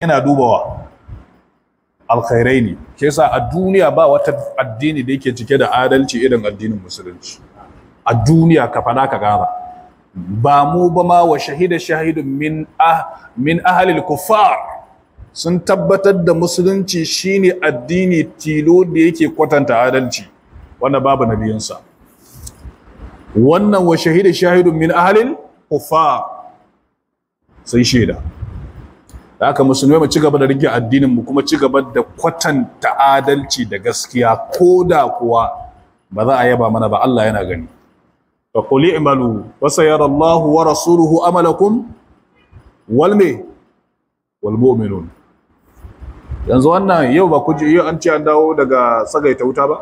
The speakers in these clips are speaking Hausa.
yana dubawa alkhairai ne ke sa a duniya ba wata addini da yake cike da adalci irin addinin musulunci a duniya kafa ka gara ba mu ba ma wa shahida shahidun min ah min sun tabbatar da musulunci shine addini tilo da yake kwatanta adalci wanda babu nabiyinsa wannan wa shahida shahidun min ahlil kufar sai shaida da haka musulmai mu ci gaba da rike addinin mu kuma ci gaba da kwatanta adalci da gaskiya ko da kuwa ba za a yaba mana ba Allah yana gani fa quli i'malu wa sayarallahu wa rasuluhu amalakum wal me wal mu'minun yanzu wannan yau ba kuje yau an ce an dawo daga sagaita wuta ba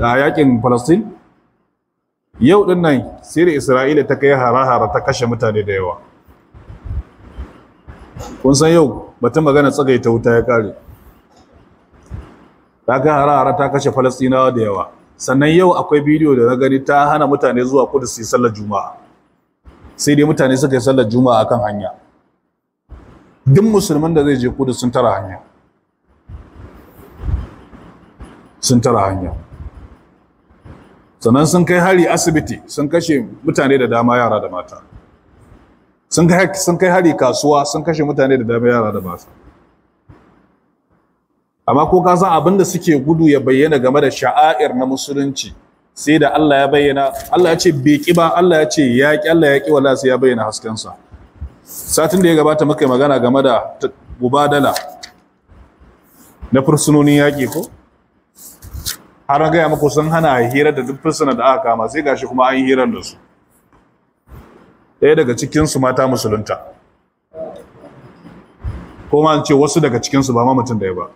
da yakin Palestine yau din nan sai da Isra'ila ta kai harahara ta kashe mutane da yawa kun san yau batun magana tsagaita wuta ya kare ta kai harara ta kashe falastinawa da yawa sannan yau akwai bidiyo da na gani ta hana mutane zuwa kudu su yi sallar juma'a sai dai mutane suka yi sallar juma'a akan hanya duk musulman da zai je kudu sun tara hanya sun tara hanya sannan sun kai hari asibiti sun kashe mutane da dama yara da mata sun kai hari kasuwa sun kashe mutane da dama yara da basa amma ko ka san abin da suke gudu ya bayyana game da sha'air na musulunci sai da Allah ya bayyana Allah ya ce beki ba Allah ya ce ya Allah ya ki sai ya bayyana haskensa satin da ya gabata muka yi magana game da Gubadala na fursunonin yaƙi ko har gaya muku sun hana hira da duk fursuna da aka kama sai gashi kuma an yi hirar da su ɗaya daga cikinsu mata musulunta ko ma ce wasu daga cikinsu ba ma mutum ɗaya ba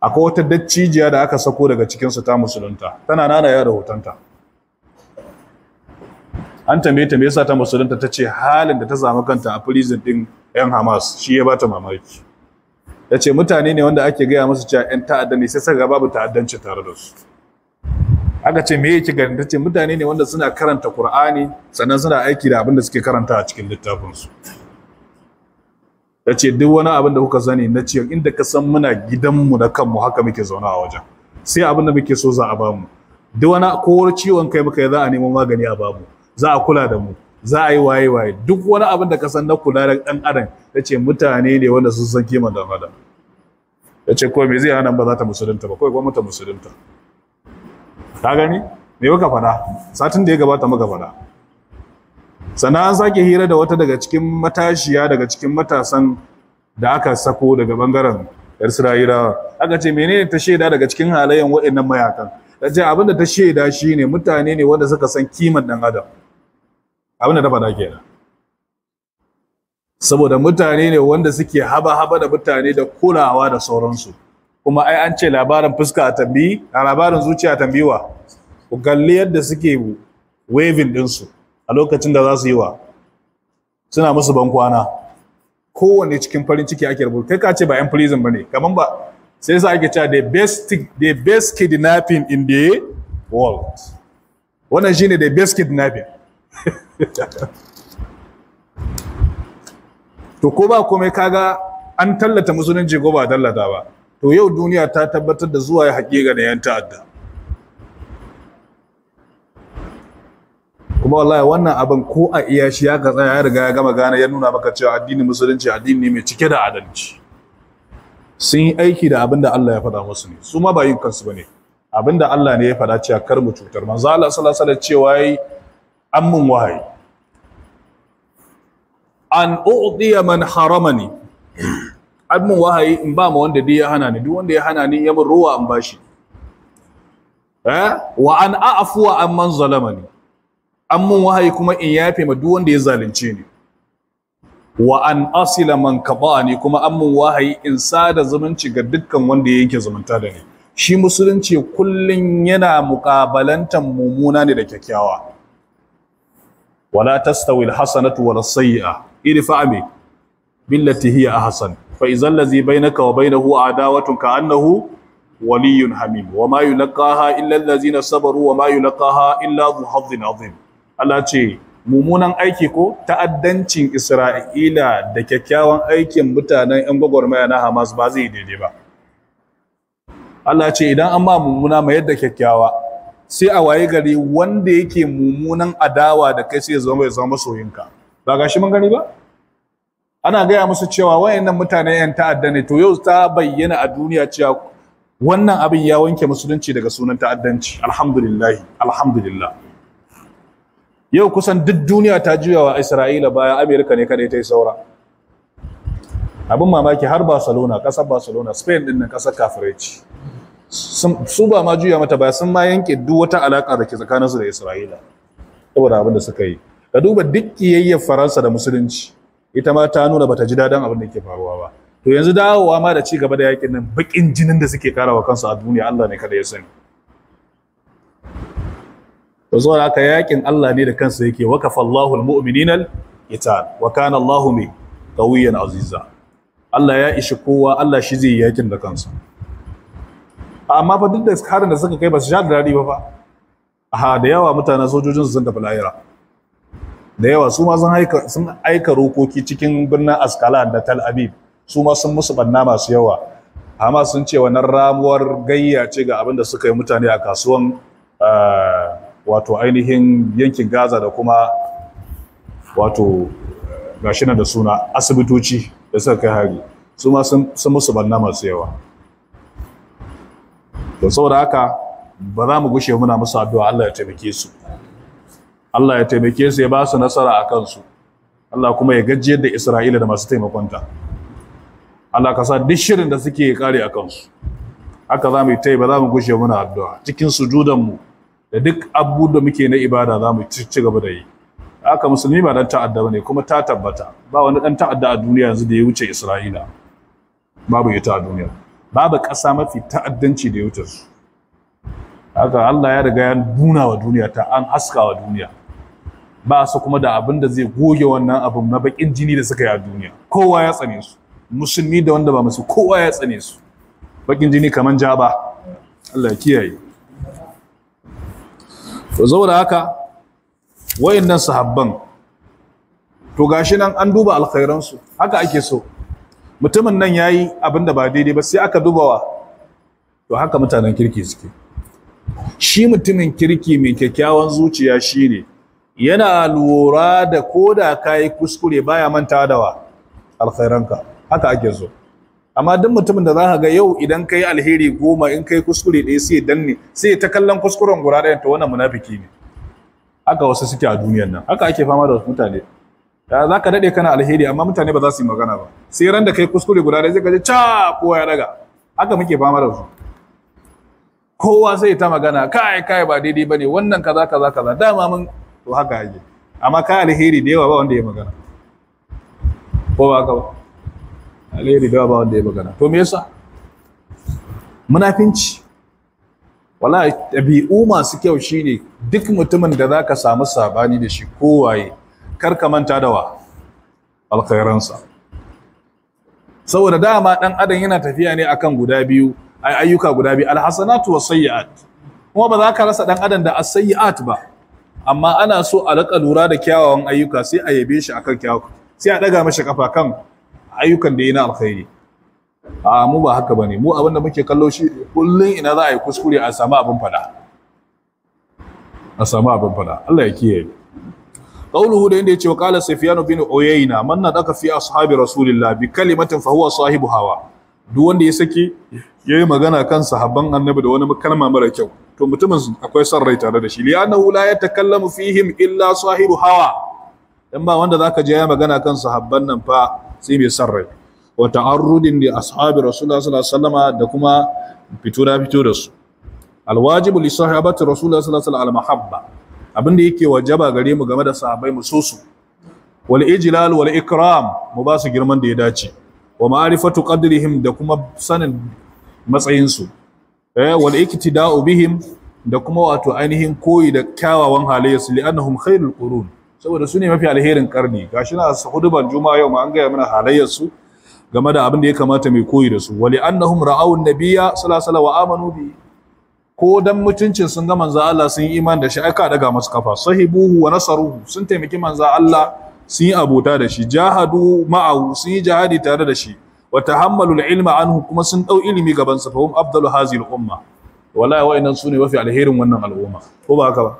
akwai wata daccijiya da aka sako daga cikinsu ta musulunta tana nana ya rahotanta an tambaye ta me yasa ta musulunta ta ce halin da ta samu kanta a prison din yan Hamas shi ya bata mamaki Ya ce mutane ne wanda ake gaya musu cewa yan ta'adda ne sai saka babu ta'addanci tare da su aka ce me yake gani ta ce mutane ne wanda suna karanta Qur'ani sannan suna aiki da abin da suke karanta a cikin littafinsu su tace duk wani abin da kuka sani na ce inda ka san muna gidanmu da kanmu haka muke zauna a wajen sai abin da muke so za a bamu duk wani kowar ciwon kai muka yi za a neman magani a bamu za a kula da mu za a yi waye waye duk wani abin da ka san na kula da ɗan adam tace mutane ne wanda sun san kima da madan tace ko me zai hana ba za ta musulunta ba kawai gwamnati musulunta Ta gani me muka fada satin da ya gabata muka fada sannan an sake hira da wata daga cikin matashiya daga cikin matasan da aka sako daga bangaren yar sirayira aka ce menene ta shaida daga cikin halayen waɗannan mayakan ta ce abin da ta shaida shine mutane ne wanda suka san kiman dan adam abin da ta faɗa kenan saboda mutane ne wanda suke haba-haba da mutane da kulawa da sauransu kuma ai an ce labarin fuska a tambayi a labarin zuciya a tambiwa ku kalli yadda suke waving su a lokacin da za su yi wa suna musu bankwana kowanne cikin farin ciki ake rubuta kai ka ce ba yan prison ba ne kaman ba sai sa ake cewa the best the best kidnapping in the world wannan shine the best kidnapping to ko ba komai kaga an tallata musulunci ko ba tallata ba to yau duniya ta tabbatar da zuwa ya haƙiƙa da yan ta'adda kuma wallahi wannan abin ko a iya shi ya tsaya, ya riga ya gama gane ya nuna maka cewa addinin musulunci addini ne mai cike da adalci sun yi aiki da abin da Allah ya faɗa musu ne su ma ba yin kansu bane abin da Allah ne ya faɗa cewa kar mu cutar manzo Allah sallallahu alaihi wasallam cewa yi an mun wahayi an u'tiya man haramani an mun wahayi in ba ma wanda dai ya hana ni duk wanda ya hana ni ya mun ruwa in bashi eh wa an a'fu wa amman zalamani an mun wahayi kuma in yafe ma duk wanda ya zalunce ni wa an asila man kabani kuma an mun wahayi in sada zumunci ga dukkan wanda ya yanke zumunta da ni shi musulunci kullum yana muƙabalantan mummuna ne da kyakkyawa wala tastawi alhasanatu wala sayyi'a idfa billati hiya ahsan fa izal ladhi bainaka wa bainahu adawatun ka annahu waliyyun hamim wa ma yulqaha illa allazina sabaru wa ma yulqaha illa Allah ce mummunan aiki ko ta'addancin Isra'ila da kyakkyawan aikin mutanen yan gwagwarmaya na Hamas ba zai daidai ba Allah ce idan an ba mumuna mai yadda kyakkyawa sai a waye gari wanda yake mummunan adawa da kai sai ya zama bai zama soyinka ba gashi mun gani ba ana gaya musu cewa wayannan mutane yan ta'adda ne to yau ta bayyana a duniya cewa wannan abin ya wanke musulunci daga sunan ta'addanci alhamdulillah alhamdulillah yau kusan duk duniya ta juyawa isra'ila baya amerika ne kadai ta yi saura abin mamaki har barcelona kasar barcelona spain din nan kasar kafirai ce su ba ma juya mata baya sun ma yanke duk wata alaka da ke tsakaninsu da isra'ila saboda abin da suka yi ka duba duk kiyayyar faransa da musulunci ita ma ta nuna bata ji daɗin abin da ke faruwa ba to yanzu dawowa ma da ci gaba da yakin nan bakin jinin da suke karawa kansu a duniya Allah ne kada ya sani to zuwa haka yakin Allah ne da kansa yake kafallahu almu'minina al qital wa kana Allahu mi qawiyan aziza Allah ya ishi kowa Allah shi zai yakin da kansa amma fa duk da karin da suka kai ba su ja da ba fa aha da yawa mutanen sojojin su sun tafi lahira da yawa su ma sun aika rokoki cikin birnin askala da tal abib su ma sun musu banna masu yawa amma sun ce wannan ramuwar gayya ce ga abin da suka yi mutane a kasuwan eh, wato ainihin yankin gaza da kuma wato gashi da suna asibitoci da suka kai hari su ma sun musu banna masu yawa Da saboda haka ba za mu gushe muna musu addu'a Allah ya taimake su Allah ya taimake su ya ba su nasara a kansu Allah kuma ya gajiyar da Isra'ila da masu taimakonta Allah ka sa duk shirin da suke kare a kansu haka za mu yi tai ba za mu gushe muna addu'a cikin sujudanmu da duk abubuwa da muke na ibada za mu ci gaba da yi haka musulmi ba dan ta'adda bane kuma ta tabbata ba wani dan ta'adda a duniya yanzu da ya wuce Isra'ila babu ita a duniya babu ƙasa mafi ta'addanci da ya wuce su haka Allah ya riga ya nuna wa duniya ta an haska wa duniya ba su kuma da abin da zai goge wannan abin na bakin jini da suka yi a duniya kowa ya tsane su musulmi da wanda ba musu kowa ya tsane su bakin jini kaman ja ba Allah ya kiyaye to da haka wayannan sahabban to gashi nan an duba alkhairan su haka ake so mutumin nan yayi abin da ba daidai ba sai aka dubawa to haka mutanen kirki suke shi mutumin kirki mai kyakkyawan zuciya shine ne yana lura da koda kai kuskure baya manta da wa alkhairanka haka ake so amma duk mutumin da zaka ga yau idan kai alheri goma in kai kuskure ɗaya sai danne sai ta kallon kuskuren guda ɗaya to wannan munafiki ne haka wasu suke a duniyar nan haka ake fama da wasu mutane da za ka daɗe kana alheri amma mutane ba za su yi magana ba sai ran da kai kuskure guda ɗaya sai ka ji ca kowa ya daga haka muke fama da su kowa sai ta magana kai kai ba daidai bane wannan kaza kaza kaza dama mun to haka yake amma ka alheri da yawa ba wanda ya magana ko ba ka ba alheri da yawa ba wanda ya magana to me yasa munafinci wala tabi'u masu kyau shine duk mutumin da zaka samu sabani da shi kowaye kar ka manta da wa alkhairansa saboda dama dan adam yana tafiya ne akan guda biyu ayyuka guda biyu alhasanatu was kuma ba za ka rasa dan adam da as ba amma ana so a rika lura da kyawawan ayyuka sai a yabe shi akan kyawawan sai a daga mashi kafa kan ayyukan da yi na alkhairi a mu ba haka bane mu abin muke kallo shi kullun ina za a yi kuskure a samu abin fada a samu abin fada Allah ya kiyaye qauluhu da inda yace wa qala sufyan bin uyayna man nadaka fi ashabi rasulillah bi kalimatin fa huwa sahibu hawa duk wanda ya saki yayi magana kan sahabban annabi da wani kalma mara kyau to mutumin akwai son rai tare da shi li'annahu la yatakallamu fihim illa sahibu hawa dan ba wanda zaka je ya magana kan sahabban nan fa sai mai son rai wa ta'arrudin li ashabi rasulullah sallallahu alaihi da kuma fito da fito da su alwajibu li sahabati rasulullah sallallahu alaihi wasallam al-mahabba yake wajaba gare mu game da sahabbai mu so su wal ijlal wal ikram mu ba su girman da ya dace wa ma'rifatu qadrihim da kuma sanin matsayinsu Eh, wal iktida'u bihim da kuma wato ainihin koyi da kyawawan halayyarsu li'annahum khairul qurun saboda su ne mafi alherin karni gashi na huduban juma'a yau ma an gaya mana halayyarsu game da abin da ya kamata mai koyi da su wali li'annahum ra'awun nabiyya sallallahu alaihi wa amanu bihi ko dan mutuncin sun ga manzo Allah sun yi iman da shi aka daga masu kafa sahibuhu wa nasaruhu sun taimaki manzo Allah sun yi abota da shi jahadu ma'ahu sun yi jihadi tare da shi wa tahammalul ilma anhu kuma sun dau ilimi gaban sa fahum afdalu hazil umma wallahi wa'annan sune wafi alherin wannan al'umma ko ba haka ba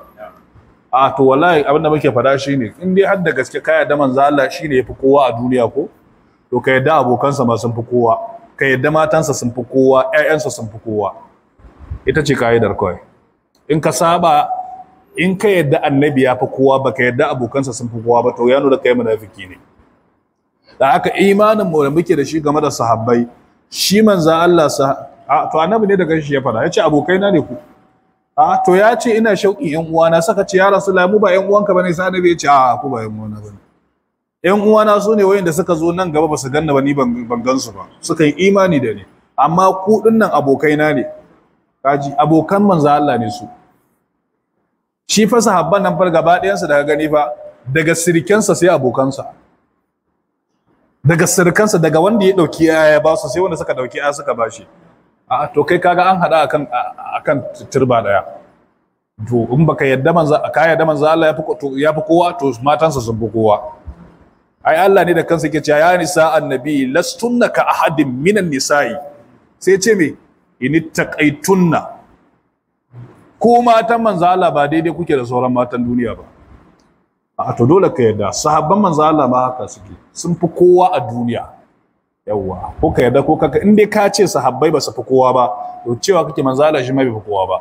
a to wallahi abin da muke fada ne. in dai har da gaske kaya da manzo Allah shine yafi kowa a duniya ko to ka yadda abokansa ma sun fi kowa ka yadda matansa sun fi kowa ƴaƴansa sun fi kowa ita ce ka'idar kawai in ka saba in ka yadda annabi ya fi kowa ba ka yadda abokansa sun fi kowa ba to ya nuna kai munafiki ne da haka imanin mu da muke da shi game da sahabbai shi manzan Allah sa a to annabi ne daga shi ya fada yace abokai na ne ku a to ya ce ina shauƙi yan uwana saka ce ya rasulullahi mu ba yan uwanka bane sai annabi ya ce a ku ba yan uwana bane yan uwana su ne wayanda suka zo nan gaba ba su ganna ba ni ban gansu ba suka yi imani da ni amma ku dinnan abokai na ne kaji abokan manzan Allah ne su shi fa sahabban nan far gaba su daga gani fa daga sirikensa sai abokansa daga sirkansa daga wanda ya dauki ya ba su sai wanda suka dauki ya suka ba shi a to kai kaga an hada akan akan turba daya to in baka yadda manzo ka yadda manzo Allah ya fi ya fi kowa to matansa sun fi kowa ai Allah ne da kansa yake cewa ya nisa annabi lastunna ka ahadin minan nisa'i sai ce me in taqaitunna ko matan manzo Allah ba daidai kuke da sauran matan duniya ba a to dole ka yarda sahabban manzo Allah ma haka suke sun fi kowa a duniya yawa ko ka yarda ko kaka in dai ka ce sahabbai ba su fi kowa ba to cewa kake manzo Allah shi ma bai fi kowa ba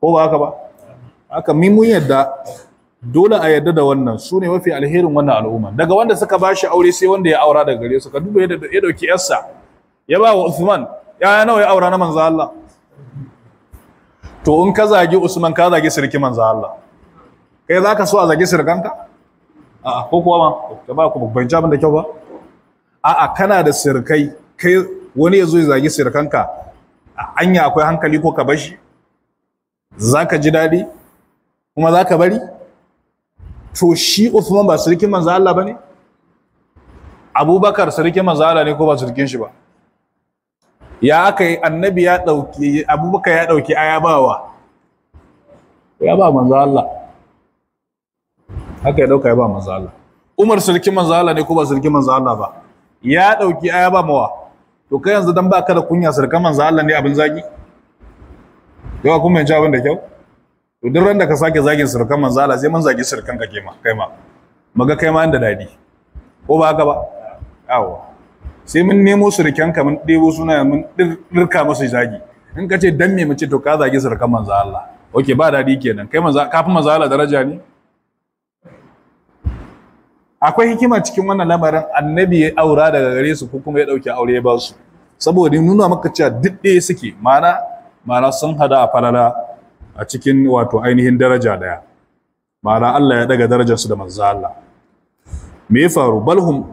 ko ba haka ba haka mi mun yarda dole a yarda da wannan su ne mafi alherin wannan al'umma daga wanda suka ba shi aure sai wanda ya aura daga gare su ka duba yadda ya dauki yarsa ya ba wa Uthman ya nawa ya aura na manzo Allah to in ka zagi Usman ka zagi sirki manzo Allah kai za ka so a zage sirkanka a ko kuwa ma ka ba ku ban jamin da kyau ba a'a kana da sirkai kai wani ya zo ya zage a anya akwai hankali ko ka bashi za ka ji daɗi kuma za ka bari to shi Uthman ba sirkin manzo Allah ba ne Abubakar sirkin manzo Allah ne ko ba sirkin shi ba ya aka yi annabi ya ɗauki abubakar ya ɗauki aya bawa ya ba manzo Allah haka ya dauka ya ba manzo Allah Umar sulki manzo Allah ne ko ba sulki manzo Allah ba ya dauki aya ba mawa to kai yanzu dan baka da kunya sulki manzo Allah ne abin zagi yawa kuma yanzu abin da kyau to duk ran da ka sake zagin sulki manzo Allah sai mun zagi sulkan ka ma kai ma maga kai ma inda dadi ko ba haka ba yawa sai mun nemo sulkan ka mun debo suna mun dirka musu zagi in ka ce dan me mu ce to ka zagi sulkan manzo Allah Oke ba dadi kenan kai manzo kafin manzo Allah daraja ne akwai hikima cikin wannan lamarin annabi ya aura daga gare su ko kuma ya dauki aure ya ba su saboda nuna maka cewa duk ɗaya suke mana mana sun hada a farara a cikin wato ainihin daraja daya mana Allah ya daga darajar su da manzo Allah me ya faru balhum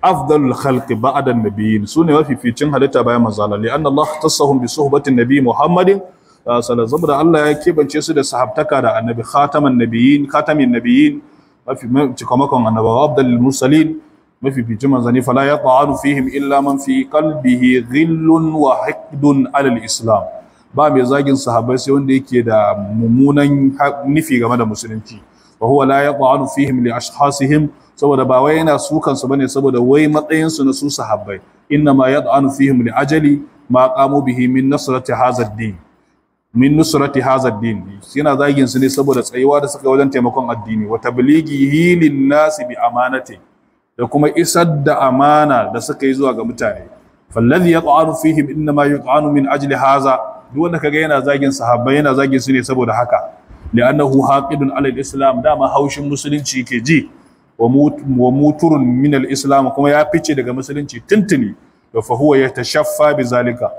afdalul khalqi ba'da an-nabiyyin sune mafificin halitta bayan manzo Allah li'anna Allah tassahum bi suhbatin nabi Muhammadin sallallahu alaihi wasallam Allah ya kebance su da sahabtaka da annabi khataman nabiyyin khatamin nabiyyin mafi cikamakon annabawa abdal mursalin mafi fice manzanni fala ya ta'anu fihim illa man fi qalbihi ghillun wa hiqdun alal islam ba mai zagin sahabbai sai wanda yake da mummunan nufi game da musulunci wa huwa la yata'anu fihim li ashkhasihim saboda ba wai yana sukan su bane saboda wai matsayin su na su sahabbai inna ma yata'anu fihim li ajali ma qamu bihi min nasrati hadha ad-din min nusrati hadha ad-din yana zagin su ne saboda tsayuwa da suka wajen taimakon addini wa tablighihi lin-nasi bi amanati da kuma isar da amana da suka yi zuwa ga mutane fallazi yaq'anu fihim inna ma yaq'anu min ajli hadha duk wanda kaga yana zagin sahabbai yana zagin su ne saboda haka li'annahu haqidun 'ala al-islam dama haushin musulunci yake ji wa muturun min al-islam kuma ya fice daga musulunci tuntuni fa huwa yatashaffa bi zalika